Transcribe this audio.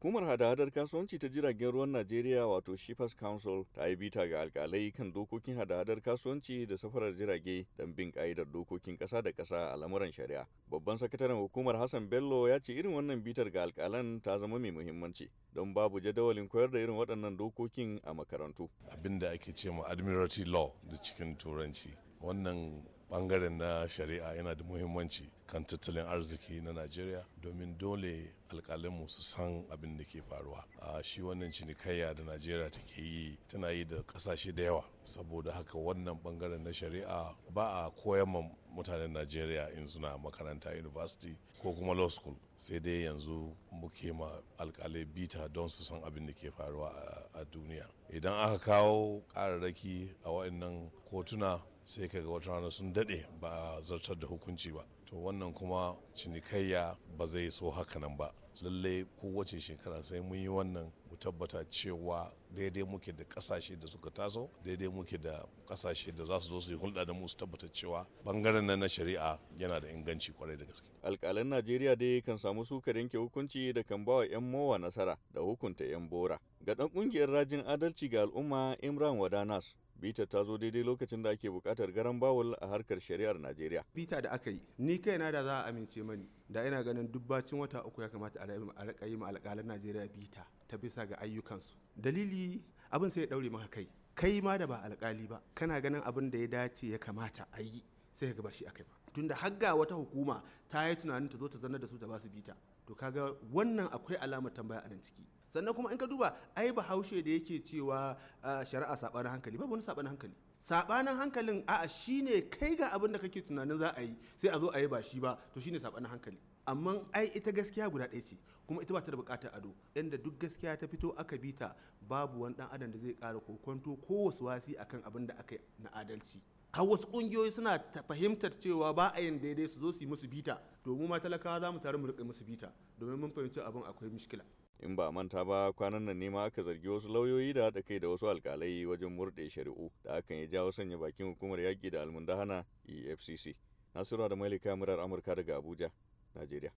Hukumar hada-hadar kasuwanci ta jiragen ruwan Najeriya wato Shippers Council ta yi bita ga alkalai kan dokokin hada-hadar kasuwanci da safarar jirage don bin ka'idar dokokin ƙasa da ƙasa a lamuran shari'a. Babban sakataren hukumar Hassan Bello ya ce irin wannan bitar ga alkalan ta zama mai muhimmanci don babu jadawalin koyar da irin waɗannan dokokin a makarantu. Abin ake ce ma Admiralty Law da cikin Turanci. Wannan bangaren na shari'a yana da muhimmanci kan tattalin arziki na najeriya domin dole alkalinmu su san abin da ke faruwa a shi wannan cinikayya da najeriya take yi tana yi da kasashe da yawa saboda haka wannan bangaren na shari'a ba a koyar ma mutanen najeriya in suna makaranta university ko kuma law school sai dai yanzu muke ma alkalai bita don su san abin da ke faruwa a duniya idan aka kawo kararraki a waɗannan kotuna sai kaga wata rana sun daɗe ba a zartar da hukunci ba to wannan kuma cinikayya ba zai so haka nan ba lallai kowace shekara sai mun yi wannan mu tabbata cewa daidai muke da kasashe da suka taso daidai muke da kasashe da za su zo su yi hulɗa da mu su tabbata cewa bangaren nan na shari'a yana da inganci kwarai da gaske alƙalan najeriya dai kan samu sukar yanke hukunci da kan bawa 'yan mowa nasara da hukunta 'yan bora ga ɗan ƙungiyar rajin adalci ga al'umma imran wadanas bita ta zo daidai lokacin da ake bukatar garan bawul a harkar shari'ar najeriya bita da aka yi ni kaina da za a amince mani da ina ganin dubbacin wata uku ya kamata a raka yi ma alƙalan najeriya bita ta bisa ga ayyukansu dalili abin sai ya daure maka kai kai ma da ba alƙali ba kana ganin abin da ya dace ya kamata a yi sai ga ba shi akai ba tunda hagga wata hukuma ta yi tunanin ta zo ta zanna da su ta ba su bita to kaga wannan akwai alamar tambaya a nan ciki sannan kuma in ka duba ai ba haushe da yake cewa shari'a sabanin hankali babu wani sabanin hankali sabanin hankalin a'a shine kai ga abin da kake tunanin za a yi sai a zo a yi ba shi ba to shine sabanin hankali amma ai ita gaskiya guda ɗaya ce kuma ita ba ta da buƙatar ado inda duk gaskiya ta fito aka bita babu wani ɗan adam da zai ƙara kokonto ko wasu wasi akan abin da aka yi na adalci har wasu kungiyoyi suna fahimtar cewa ba a yin daidai su zo su yi musu bita domin ma talakawa za mu tare mu rika musu bita domin mun fahimci abin akwai mishkila in ba manta ba kwanan nan ne ma aka zargi wasu lauyoyi da haɗa kai da wasu alkalai wajen murɗe shari'u da hakan ya jawo sanya bakin hukumar yaƙi da almundahana efcc nasiru da mailika murar amurka daga abuja najeriya